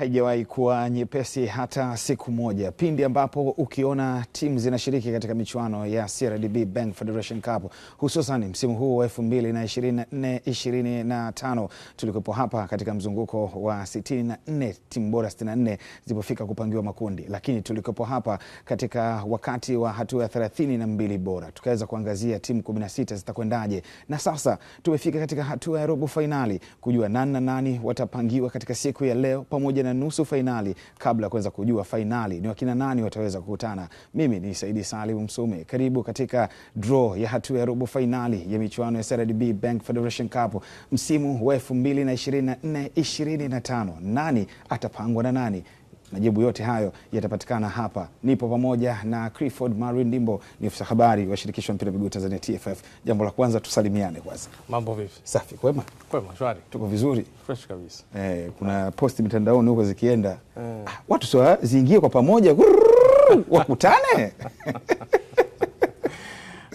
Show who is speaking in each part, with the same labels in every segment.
Speaker 1: haijawahi kuwa nyepesi hata siku moja. Pindi ambapo ukiona timu zinashiriki katika michuano ya CRDB Bank Federation Cup, hususan msimu huu wa na tano tulikuwepo hapa katika mzunguko wa 64, timu bora nne zilipofika kupangiwa makundi, lakini tulikuwepo hapa katika wakati wa hatua ya na mbili bora, tukaweza kuangazia timu sita zitakwendaje, na sasa tumefika katika hatua ya robo fainali kujua nani na nani watapangiwa katika siku ya leo pamoja na na nusu fainali kabla ya kuweza kujua fainali ni wakina nani wataweza kukutana. Mimi ni Saidi Salim Msume, karibu katika draw ya hatua ya robo fainali ya michuano ya CRDB Bank Federation Cup msimu wa 2024 25. Nani atapangwa na nani? Majibu yote hayo yatapatikana hapa. Nipo pamoja na Clifford Marwin Ndimbo, ni afisa habari wa shirikisho mpira miguu Tanzania TFF. Jambo la kwanza tusalimiane kwanza. Mambo vipi? Safi, kwema? Kwema, shwari. Tuko vizuri. Fresh kabisa. Eh, kuna posti mitandaoni huko zikienda. Eh. Ah, watu sio ziingie kwa pamoja. Wakutane.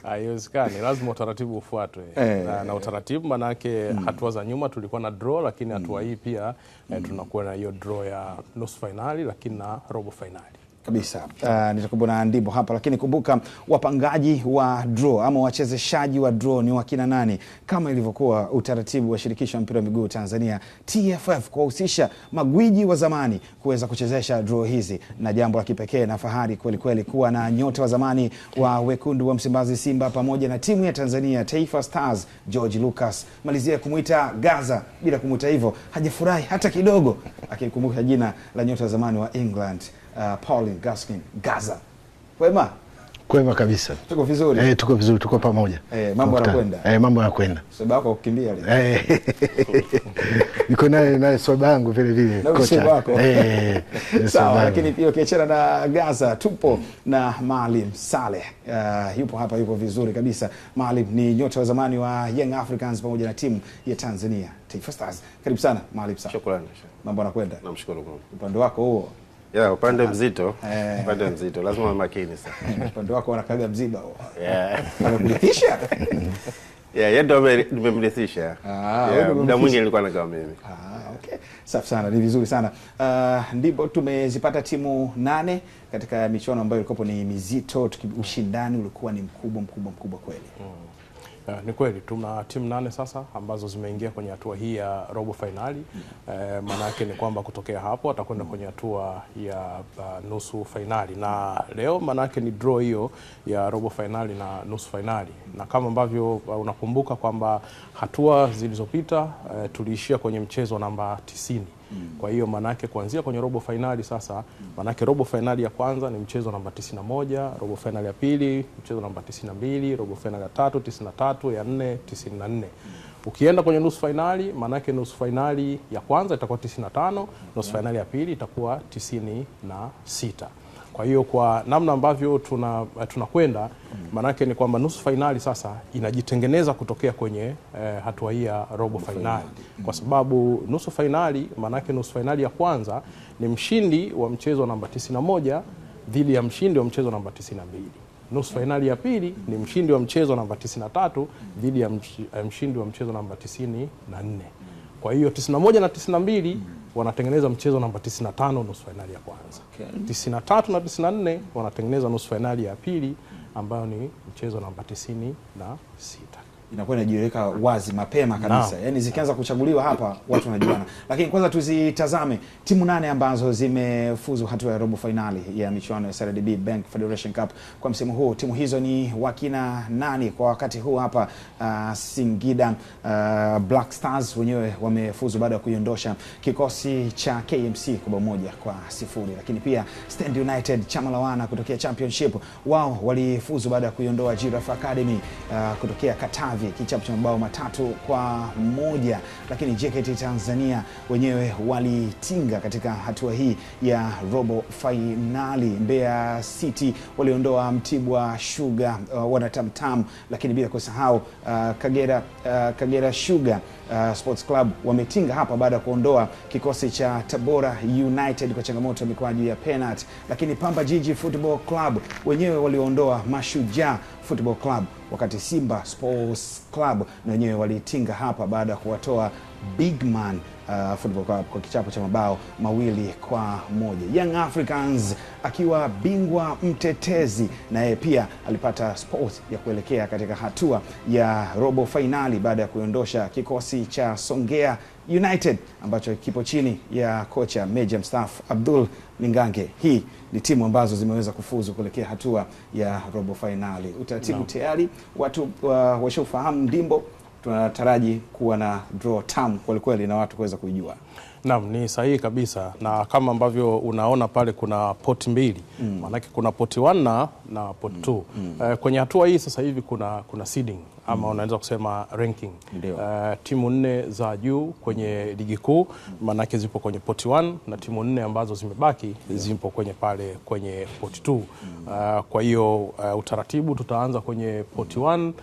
Speaker 2: Haiwezekani, lazima utaratibu ufuatwe eh, na, na utaratibu maanake mm. hatua za nyuma tulikuwa na draw, lakini hatua mm. hii pia eh, mm. eh, tunakuwa na hiyo draw ya nusu fainali lakini na robo fainali
Speaker 1: kabisa uh, ah, nitakuwa na hapa lakini kumbuka wapangaji wa draw ama wachezeshaji wa draw ni wakina nani, kama ilivyokuwa utaratibu wa shirikisho la mpira wa miguu Tanzania TFF kuwahusisha magwiji wa zamani kuweza kuchezesha draw hizi, na jambo la kipekee na fahari kweli kweli kuwa na nyota wa zamani wa wekundu wa Msimbazi Simba pamoja na timu ya Tanzania Taifa Stars. George Lucas malizia kumuita Gaza bila kumuita hivyo, hajafurahi hata kidogo, akikumbuka jina la nyota wa zamani wa England uh, Pauline Gaskin Gaza. Kwema?
Speaker 3: Kwema kabisa. Tuko vizuri. Eh, tuko vizuri, tuko pamoja.
Speaker 1: Eh, mambo yanakwenda.
Speaker 3: Eh, mambo yanakwenda.
Speaker 1: Sweba yako kukimbia leo.
Speaker 3: Eh. Niko naye naye sweba yangu vile vile
Speaker 1: kocha. Na wako. Eh. Sawa, lakini pia ukiachana na Gaza tupo na Maalim Saleh. Uh, yupo hapa yupo vizuri kabisa. Maalim ni nyota wa zamani wa Young Africans pamoja na timu ya Tanzania Taifa Stars. Karibu sana Maalim Saleh. Shukrani. Mambo yanakwenda. Namshukuru Mungu. Upande wako huo
Speaker 4: Yeah, upande mzito. Eh. Upande mzito. Lazima uwe makini sana.
Speaker 1: Upande wako wanakaga mziba huo. Yeah. Amekurithisha?
Speaker 4: Yeah, yeye ndo nimemrithisha. Ah, yeah, muda mwingi nilikuwa nakaa mimi.
Speaker 1: Ah, okay. Safi sana, ni vizuri sana. Uh, ndipo tumezipata timu nane katika michuano ambayo ilikuwa ni mizito, ushindani ulikuwa ni mkubwa mkubwa mkubwa kweli. Mm.
Speaker 2: Eh, ni kweli tuna timu nane sasa ambazo zimeingia kwenye hatua hii ya robo fainali. E, eh, maana yake ni kwamba kutokea hapo atakwenda kwenye hatua ya uh, nusu fainali, na leo maana yake ni draw hiyo ya robo fainali na nusu fainali, na kama ambavyo uh, unakumbuka kwamba hatua zilizopita uh, tuliishia kwenye mchezo namba tisini mm. Kwa hiyo manake kuanzia kwenye robo fainali sasa mm. manake robo fainali ya kwanza ni mchezo namba 91, robo fainali ya pili mchezo namba 92, robo fainali ya tatu 93, ya nne 94. Mm. Ukienda kwenye nusu fainali manake nusu fainali ya kwanza itakuwa 95, nusu fainali ya pili itakuwa 96. Kwa hiyo kwa namna ambavyo tunakwenda tuna maanake ni kwamba nusu fainali sasa inajitengeneza kutokea kwenye eh, hatua hii ya robo fainali, kwa sababu nusu fainali maanake nusu fainali ya kwanza ni mshindi wa mchezo namba 91 dhidi ya mshindi wa mchezo namba 92. Nusu fainali ya pili ni mshindi wa mchezo namba 93 dhidi ya eh, mshindi wa mchezo namba 94. Kwa hiyo 91 na 92 wanatengeneza mchezo namba 95 nusu fainali ya kwanza. Okay. 93 na 94 wanatengeneza nusu fainali ya pili ambayo ni mchezo namba 96
Speaker 1: inakuwa inajiweka wazi mapema kabisa no. Yani zikianza kuchaguliwa hapa watu wanajuana, lakini kwanza tuzitazame timu nane ambazo zimefuzu hatua ya robo fainali ya michuano ya CRDB Bank Federation Cup kwa msimu huu. Timu hizo ni wakina nani kwa wakati huu hapa? Uh, Singida uh, Black Stars wenyewe wamefuzu baada ya kuiondosha kikosi cha KMC kwa bao moja kwa sifuri, lakini pia Stand United chama la kutokea championship wao walifuzu baada ya kuiondoa Giraffe Academy uh, kutokea Qatar Xavi kichapo cha mabao matatu kwa moja, lakini JKT Tanzania wenyewe walitinga katika hatua hii ya robo fainali. Mbeya City waliondoa Mtibwa Sugar uh, wanatamtam, lakini bila kusahau uh, Kagera, uh, Kagera Sugar Uh, Sports Club wametinga hapa baada ya kuondoa kikosi cha Tabora United kwa changamoto ya mikwaju ya penalty, lakini Pamba Jiji Football Club wenyewe waliondoa Mashujaa Football Club wakati Simba Sports Club na wenyewe walitinga hapa baada ya kuwatoa Big Man uh, Football Club kwa kichapo cha mabao mawili kwa moja. Young Africans akiwa bingwa mtetezi naye pia alipata sport ya kuelekea katika hatua ya robo fainali baada ya kuondosha kikosi cha Songea United ambacho kipo chini ya kocha meja mstaafu Abdul Mingange. Hii ni timu ambazo zimeweza kufuzu kuelekea hatua ya robo fainali. Utaratibu no. tayari watu uh, washaufahamu ndimbo, tunataraji kuwa na draw tamu kwelikweli na watu kuweza kuijua.
Speaker 2: Naam, ni sahihi kabisa, na kama ambavyo unaona pale kuna poti mbili mm. maanake kuna poti 1 na, na poti 2 mm. E, kwenye hatua hii sasa hivi kuna, kuna seeding ama mm. unaweza kusema ranking uh, timu nne za juu kwenye ligi kuu maanake zipo kwenye poti 1 na timu nne ambazo zimebaki zipo kwenye pale kwenye poti 2 uh, kwa hiyo uh, utaratibu tutaanza kwenye poti 1 uh,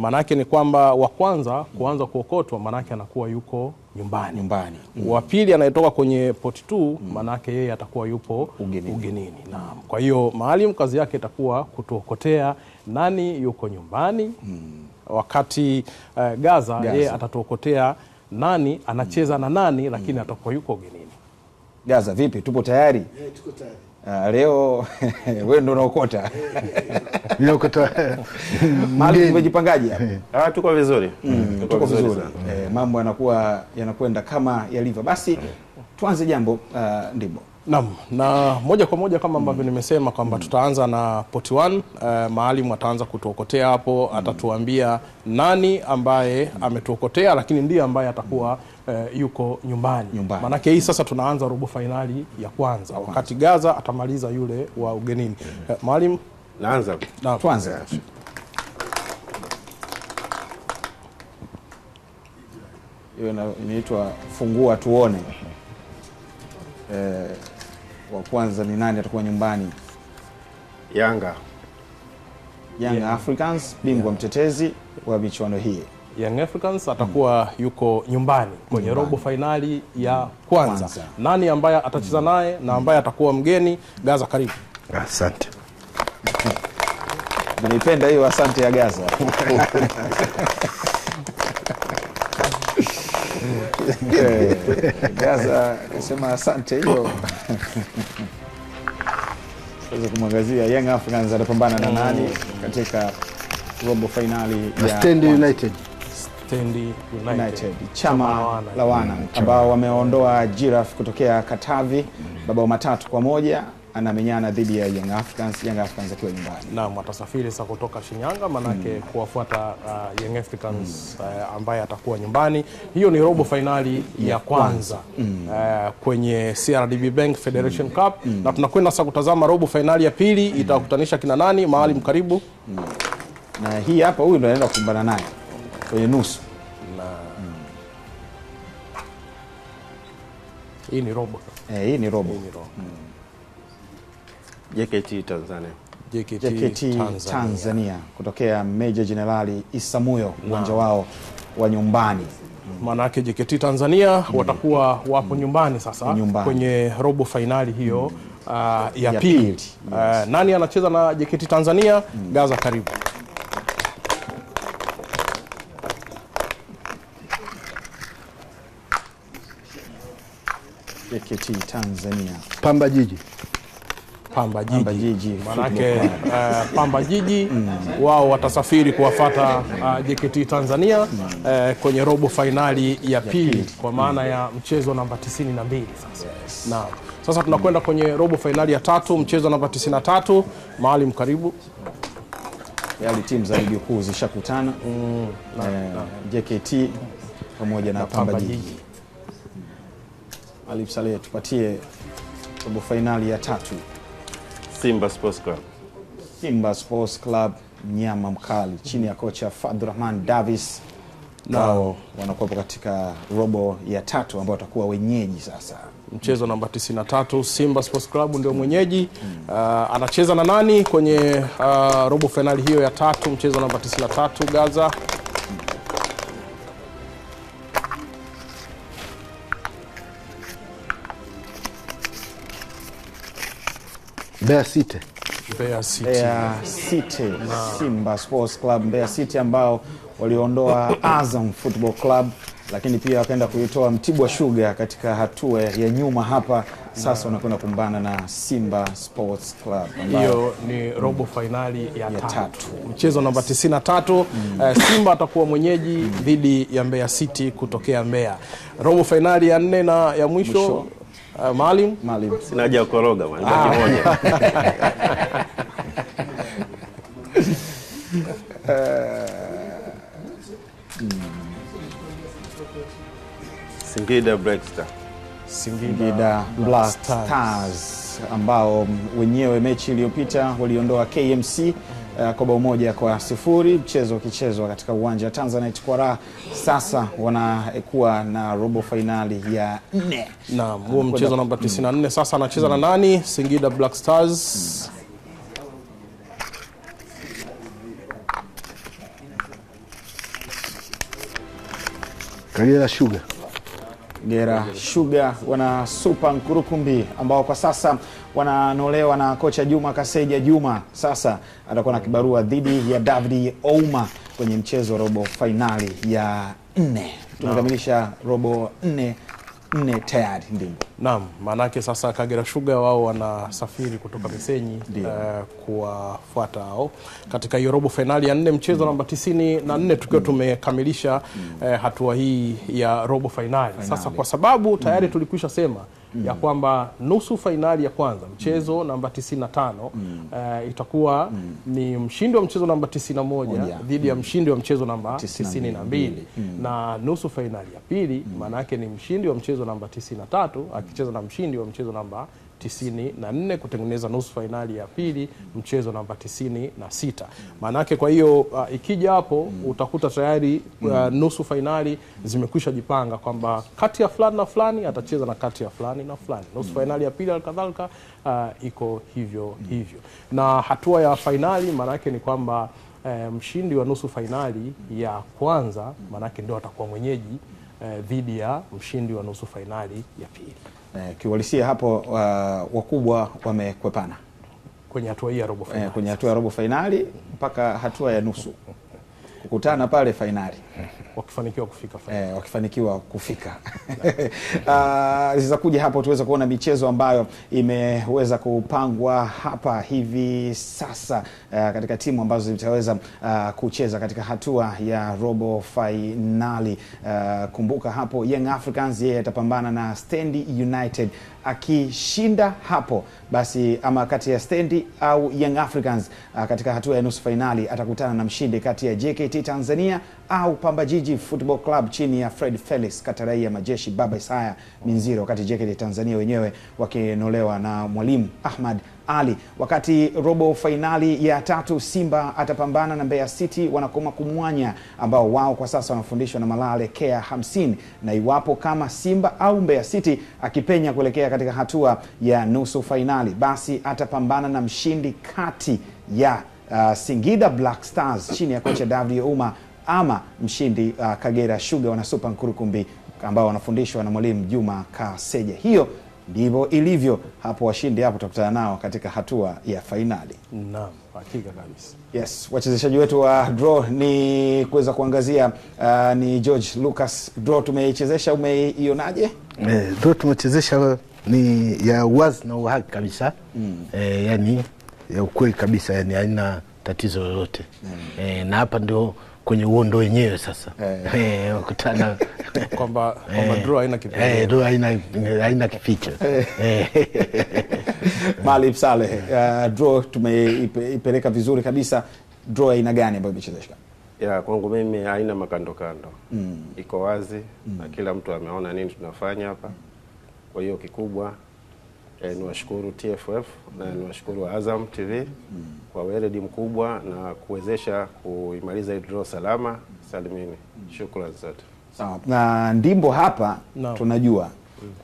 Speaker 2: maanake ni kwamba wa kwanza kuanza kuokotwa maanake anakuwa yuko nyumbani, nyumbani. Mm. Wa pili anayetoka kwenye port 2 maanake mm. yeye atakuwa yupo ugenini, ugenini. Naam. Kwa hiyo maalim kazi yake itakuwa kutuokotea nani yuko nyumbani mm. wakati uh, Gaza, Gaza yeye atatuokotea nani anacheza mm. na nani lakini mm. atakuwa yuko ugenini.
Speaker 1: Gaza vipi, tupo tayari? Yeah, tuko tayari. Uh, leo wewe ndo unaokota mali, umejipangaje eh.
Speaker 4: Ah, tuko vizuri
Speaker 1: mm, mm, tuko, tuko vizuri, vizuri. Eh, mambo yanakuwa yanakwenda kama yalivyo. Basi eh. tuanze jambo uh, ah, ndimo
Speaker 2: Naam, na moja kwa moja kama ambavyo mm. nimesema kwamba mm. tutaanza na poti 1 uh, eh, maalimu ataanza kutuokotea hapo, mm. atatuambia nani ambaye ametuokotea, lakini ndiye ambaye atakuwa uh, yuko nyumbani, nyumbani. Maanake hii sasa tunaanza robo fainali ya kwanza, wakati Gaza atamaliza yule wa ugenini mm. eh, maalimu
Speaker 5: naanza,
Speaker 1: tuanze hiyo inaitwa fungua tuone eh, wa kwanza ni nani atakuwa nyumbani? Yanga. Young yeah. Africans bingwa yeah. mtetezi wa michuano hii.
Speaker 2: Young Africans atakuwa mm. yuko nyumbani kwenye robo fainali ya kwanza. kwanza. Nani ambaye atacheza mm. naye na ambaye atakuwa mgeni? Gaza, karibu.
Speaker 3: Asante.
Speaker 1: Naipenda hiyo asante ya Gaza. Gaza kasema asante hiyo tuweze kumwangazia Young Africans atapambana na nani katika robo fainali
Speaker 3: ya United.
Speaker 2: United.
Speaker 1: Chama, Lawana la wana ambao wameondoa Giraffe kutokea Katavi mabao matatu kwa moja anamenyana dhidi ya Young Africans, Young Africans akiwa nyumbani.
Speaker 2: Naam, atasafiri sasa kutoka Shinyanga manake mm. kuwafuata uh, Young Africans mm. uh, ambaye atakuwa nyumbani. Hiyo ni robo fainali mm. ya kwanza mm. uh, kwenye CRDB Bank Federation mm. Cup mm. na tunakwenda sasa kutazama robo fainali ya pili mm. itakutanisha kina nani? Maalim, hmm. karibu mm.
Speaker 1: na hii hapa, huyu ndo anaenda kukumbana naye kwenye nusu na mm. hii ni robo, eh, hii ni robo, hii ni robo. Mm.
Speaker 4: JKT Tanzania.
Speaker 1: JKT, JKT Tanzania. Tanzania kutokea Meja Jenerali Isamuyo uwanja wao wa nyumbani
Speaker 2: maanake JKT Tanzania mm. watakuwa wapo mm. nyumbani sasa nyumbani. kwenye robo fainali hiyo mm. uh, ya pili uh, yes. uh, nani anacheza na JKT Tanzania mm. Gaza karibu
Speaker 1: JKT Tanzania
Speaker 3: Pamba Jiji
Speaker 2: Pamba Jiji, Pamba Jiji manake uh, Pamba Jiji mm. wao watasafiri kuwafata uh, eh, JKT Tanzania mm. uh, kwenye robo fainali ya pili kwa maana ya mm. mchezo namba 92 sasa yes. na sasa tunakwenda mm. kwenye robo fainali ya tatu mchezo namba 93 Maalim karibu
Speaker 1: yali timu za ligi kuu zishakutana mm, na, na. JKT pamoja na, na Pamba, Jiji, Jiji. Alipsale tupatie robo fainali ya tatu
Speaker 4: Simba Sports Club.
Speaker 1: Simba Sports Club nyama mkali chini ya kocha Abdurahman Davis nao wanakuwepo katika robo ya tatu ambao watakuwa wenyeji sasa.
Speaker 2: Mchezo namba 93 Simba Sports Club ndio mwenyeji hmm. Uh, anacheza na nani kwenye uh, robo fainali hiyo ya tatu, mchezo namba 93 Gaza
Speaker 3: Mbeya City.
Speaker 1: Mbeya City. Mbeya City. City. Simba Sports Club Mbeya City ambao waliondoa Azam Football Club lakini pia wakaenda kuitoa Mtibwa Sugar katika hatua ya nyuma hapa sasa wanakwenda kumbana na Simba Sports Club.
Speaker 2: Hiyo ni robo fainali ya, ya tatu. tatu mchezo namba 93 mm. Uh, Simba atakuwa mwenyeji mm. dhidi mm. ya Mbeya City kutokea Mbeya. Robo fainali ya nne na ya mwisho, mwisho. Uh, Maalim,
Speaker 1: Maalim.
Speaker 4: Sina haja ya koroga bwana, ah. Kimoja. Uh, Singida Black Stars.
Speaker 1: Singida Black Stars ambao wenyewe mechi iliyopita waliondoa KMC uh, kwa bao moja kwa sifuri, mchezo ukichezwa katika uwanja wa Tanzanite kwa raha. Sasa wanakuwa na robo fainali ya nne.
Speaker 2: Naam, huo mchezo namba 94 mm. sasa anacheza na nani? Singida Black Stars.
Speaker 3: Kagera Sugar.
Speaker 1: Gera Sugar wana super nkurukumbi ambao kwa sasa wananolewa na kocha Juma Kaseja. Juma sasa atakuwa na kibarua dhidi ya David Ouma kwenye mchezo robo fainali ya nne. Tumekamilisha robo nne nne tayari ndio.
Speaker 2: Naam, maanake sasa Kagera Sugar wao wanasafiri kutoka Misenyi uh, kuwafuata hao katika hiyo robo fainali ya nne mchezo mm. namba tisini na nne tukiwa mm. tumekamilisha uh, hatua hii ya robo fainali sasa, kwa sababu tayari tulikwisha sema mm. ya kwamba nusu fainali ya kwanza mchezo mm. namba 95 mm. uh, itakuwa mm. ni mshindi wa mchezo namba 91 dhidi ya mshindi wa mchezo namba 92 mm. na nusu fainali ya pili maana yake ni mshindi wa mchezo namba 93 akicheza na mshindi wa mchezo namba tisini na nne kutengeneza nusu fainali ya pili mchezo namba tisini na sita maanake. Kwa hiyo uh, ikija hapo mm. utakuta tayari uh, nusu fainali zimekwisha jipanga kwamba kati ya fulani na fulani atacheza na kati ya fulani na fulani, nusu fainali ya pili alkadhalika uh, iko hivyo hivyo, na hatua ya fainali maanaake ni kwamba uh, mshindi wa nusu fainali ya kwanza maanake ndio atakuwa mwenyeji Eh, dhidi ya mshindi wa nusu fainali ya pili.
Speaker 1: Eh, kiuhalisia hapo uh, wakubwa wamekwepana
Speaker 2: kwenye hatua hii ya robo fainali,
Speaker 1: eh, kwenye hatua ya robo fainali mpaka hatua ya nusu kukutana pale fainali.
Speaker 2: wakifanikiwa kufika
Speaker 1: eh, wakifanikiwa kufika ah, zitakuja hapo tuweze kuona michezo ambayo imeweza kupangwa hapa hivi sasa uh, katika timu ambazo zitaweza uh, kucheza katika hatua ya robo fainali. Uh, eh, kumbuka hapo Young Africans yeye atapambana na Stand United akishinda hapo basi, ama kati ya Stendi au Young Africans uh, katika hatua ya nusu fainali atakutana na mshindi kati ya JKT Tanzania au Pamba Jiji Football Club chini ya Fred Felix Katarai ya Majeshi Baba Isaya Minziro, wakati JKT Tanzania wenyewe wakinolewa na Mwalimu Ahmad ali. Wakati robo fainali ya tatu Simba atapambana na Mbeya City wanakoma kumwanya ambao wao kwa sasa wanafundishwa na Malale Kea 50 na iwapo kama Simba au Mbeya City akipenya kuelekea katika hatua ya nusu fainali, basi atapambana na mshindi kati ya uh, Singida Black Stars chini ya kocha David Ouma ama mshindi uh, Kagera Sugar wanasupa Nkurukumbi ambao wanafundishwa na mwalimu Juma kaseja Hiyo ndivyo ilivyo hapo, washindi hapo tutakutana nao katika hatua ya fainali.
Speaker 2: Naam, hakika kabisa.
Speaker 1: Yes, wachezeshaji wetu wa draw ni kuweza kuangazia uh, ni George Lucas. Draw tumeichezesha, umeionaje?
Speaker 3: Eh, draw tumechezesha ni ya uwazi na uhaki kabisa mm. Eh, yani ya ukweli kabisa, yani haina tatizo lolote mm. Eh, na hapa ndio kwenye uondo wenyewe sasa eh. Eh,
Speaker 2: wakutana kwamba eh.
Speaker 3: haina kificho,
Speaker 1: Saleh, uh, draw tumeipeleka vizuri kabisa. Draw ya aina gani ambayo imechezeshwa?
Speaker 4: Ya kwangu mimi haina makando kando, mm. iko wazi mm. na kila mtu ameona nini tunafanya hapa, kwa hiyo kikubwa E, niwashukuru TFF na niwashukuru Azam TV kwa weledi mkubwa na kuwezesha kuimaliza draw salama salimini. Shukrani zote.
Speaker 1: Sawa. Na ndimbo hapa no. tunajua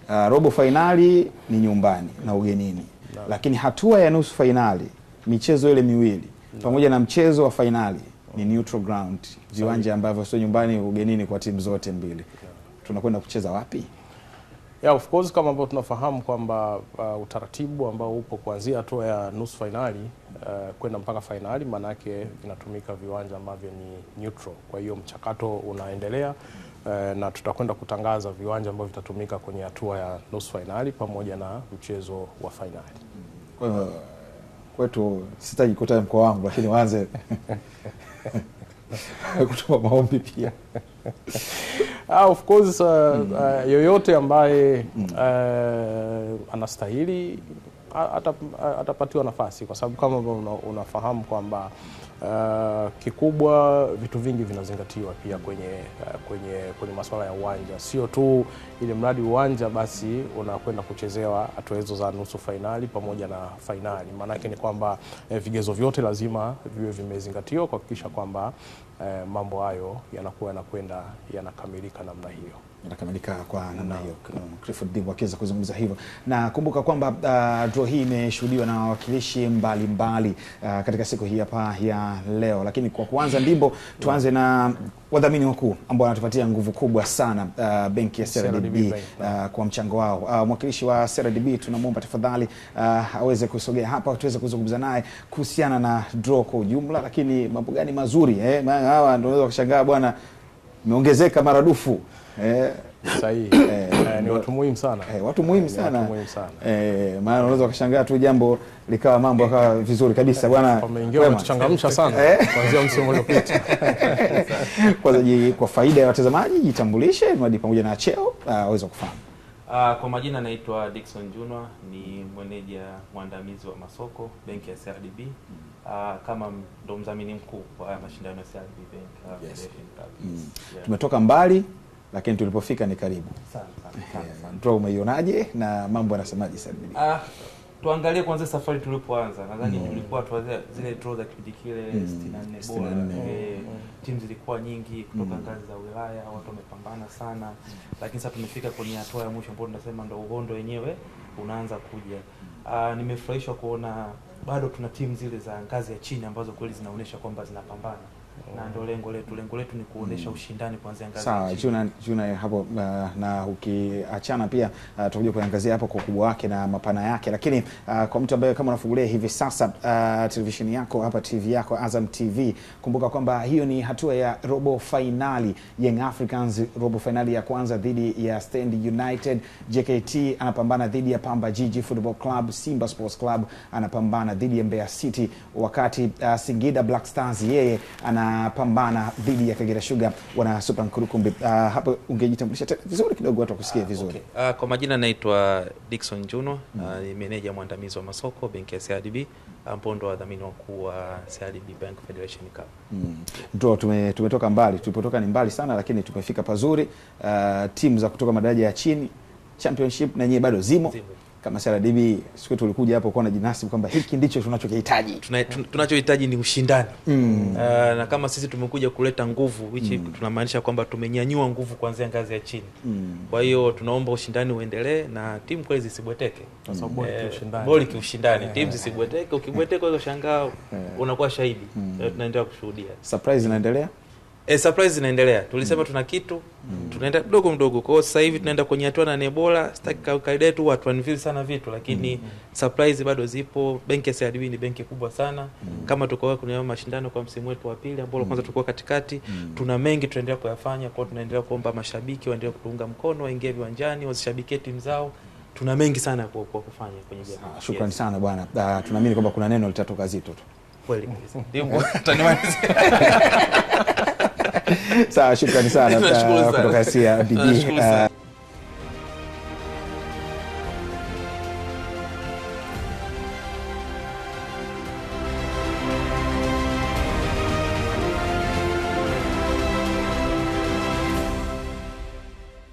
Speaker 1: uh, robo fainali ni nyumbani na ugenini no. lakini hatua ya nusu fainali michezo ile miwili no. pamoja na mchezo wa fainali ni neutral ground, viwanja ambavyo sio nyumbani ugenini kwa timu zote mbili tunakwenda kucheza wapi?
Speaker 2: Yeah, of course kama ambavyo tunafahamu kwamba uh, utaratibu ambao upo kuanzia hatua ya nusu fainali uh, kwenda mpaka fainali, yake vinatumika viwanja ambavyo ni neutral. Kwa hiyo mchakato unaendelea uh, na tutakwenda kutangaza viwanja ambavyo vitatumika kwenye hatua ya nusu fainali pamoja na mchezo wa fainali.
Speaker 1: Kwa hiyo kwetu, sitajikuta mkoa wangu, lakini waanze kutuma maombi pia
Speaker 2: Ah, of course uh, mm. uh, yoyote ambaye mm. uh, anastahili atapatiwa nafasi kwa sababu kama unafahamu kwamba Uh, kikubwa vitu vingi vinazingatiwa pia kwenye, uh, kwenye, kwenye masuala ya uwanja, sio tu ili mradi uwanja basi unakwenda kuchezewa hatua hizo za nusu fainali pamoja na fainali. Maanake ni kwamba uh, vigezo vyote lazima viwe vimezingatiwa kuhakikisha kwamba uh, mambo hayo yanakuwa yanakwenda yanakamilika namna hiyo
Speaker 1: atakamilika kwa namna hiyo no. Clifford Dimbu akiweza kuzungumza hivyo, na kumbuka kwamba uh, draw hii imeshuhudiwa na wawakilishi mbalimbali uh, katika siku hii hapa ya leo, lakini kwa kuanza ndimbo, tuanze na wadhamini wakuu ambao wanatupatia nguvu kubwa sana uh, benki ya CRDB uh, kwa mchango wao uh, mwakilishi wa CRDB tunamwomba tafadhali uh, aweze kusogea hapa tuweze kuzungumza naye kuhusiana na draw kwa ujumla, lakini mambo gani mazuri eh, hawa ndio wanaweza kushangaa bwana imeongezeka maradufu eh,
Speaker 2: eh, eh, watu
Speaker 1: muhimu sana maana unaweza ukashangaa tu jambo likawa mambo akawa vizuri kabisa bwana,
Speaker 2: sana kuanzia msimu uliopita.
Speaker 1: Kwanza kwa faida ya watazamaji, jitambulishe mradi pamoja na cheo ah, aweza uh, kufahamu.
Speaker 6: Uh, kwa majina anaitwa dikson Junwa, ni mweneja mwandamizi wa masoko benki ya CRDB uh, kama ndo mdhamini mkuu kwa haya mashindano ya Bank uh, eh, yes.
Speaker 1: mm. yeah. Tumetoka mbali lakini tulipofika ni karibu sana sana. Ndio, umeionaje na mambo yanasemaje hivi
Speaker 6: Ah, tuangalie kwanza safari tulipoanza. Nadhani mm. tulikuwa tuanze zile draw za kipindi kile 64 mm. bora. Eh, mm. timu zilikuwa nyingi kutoka mm. ngazi za wilaya, watu wamepambana sana. Mm. Lakini sasa tumefika kwenye hatua ya mwisho ambapo tunasema ndio uhondo wenyewe unaanza kuja uh, nimefurahishwa kuona bado tuna timu zile za ngazi ya chini ambazo kweli zinaonyesha kwamba zinapambana na ndio lengo letu. Lengo letu ni kuonesha mm. ushindani kuanzia ngazi
Speaker 1: sawa chuna chuna hapo uh, na ukiachana pia uh, tutakuja kuangazia hapo kwa ukubwa wake na mapana yake, lakini uh, kwa mtu ambaye kama unafungulia hivi sasa uh, televisheni yako hapa TV yako Azam TV, kumbuka kwamba hiyo ni hatua ya robo finali Young Africans robo finali ya kwanza dhidi ya Stand United, JKT anapambana dhidi ya Pamba Jiji Football Club, Simba Sports Club anapambana dhidi ya Mbeya City, wakati uh, Singida Black Stars yeye ana wanapambana dhidi ya Kagera Sugar wana Super Nkurukumbi. Uh, hapo ungejitambulisha vizuri kidogo watu wakusikie ah, vizuri. Uh,
Speaker 6: okay. Uh, kwa majina naitwa Dickson Juno mm. Uh, ni meneja mwandamizi wa masoko benki ya CRDB mpondo wa wadhamini wakuu wa CRDB Bank Federation Cup. Mm.
Speaker 1: Ndio tume, tumetoka mbali, tulipotoka ni mbali sana lakini tumefika pazuri. Uh, timu za kutoka madaraja ya chini championship na nyewe bado zimo, zimo kama CRDB siku tulikuja hapo kwa jinasi kwamba hiki ndicho tunachokihitaji.
Speaker 6: Tunachohitaji ni ushindani mm. Uh, na kama sisi tumekuja kuleta nguvu hichi mm. tunamaanisha kwamba tumenyanyua nguvu kuanzia ngazi ya chini mm. Kwa hiyo tunaomba ushindani uendelee na timu kweli zisibweteke
Speaker 2: mm. Eh,
Speaker 6: boli kiushindani yeah. Timu zisibweteke, ukibweteka yeah. yeah. Unakuwa shahidi mm. Tunaendelea kushuhudia
Speaker 1: surprise inaendelea
Speaker 6: e, eh, surprise zinaendelea. Tulisema mm. tuna kitu mm. tunaenda mdogo mdogo. Kwa hiyo sasa hivi tunaenda kwenye hatua na nebola Sitaki kaida tu watu wanivili sana vitu, lakini mm. surprise bado zipo. Benki ya CRDB ni benki kubwa sana mm. kama tukoa kuna mashindano kwa msimu wetu wa pili ambao mm. kwanza tulikuwa katikati mm. tuna mengi tunaendelea kuyafanya. Kwa hiyo tunaendelea kuomba mashabiki waendelee kutuunga mkono, waingie viwanjani, wazishabikie timu zao tuna mengi sana kwa, kwa kufanya kwenye jamii.
Speaker 1: Shukrani yes. sana bwana. Uh, tunaamini kwamba kuna neno litatoka zito tu.
Speaker 6: Kweli
Speaker 2: Ndio. tanimani
Speaker 1: sawa shukrani sana
Speaker 6: kutoka sia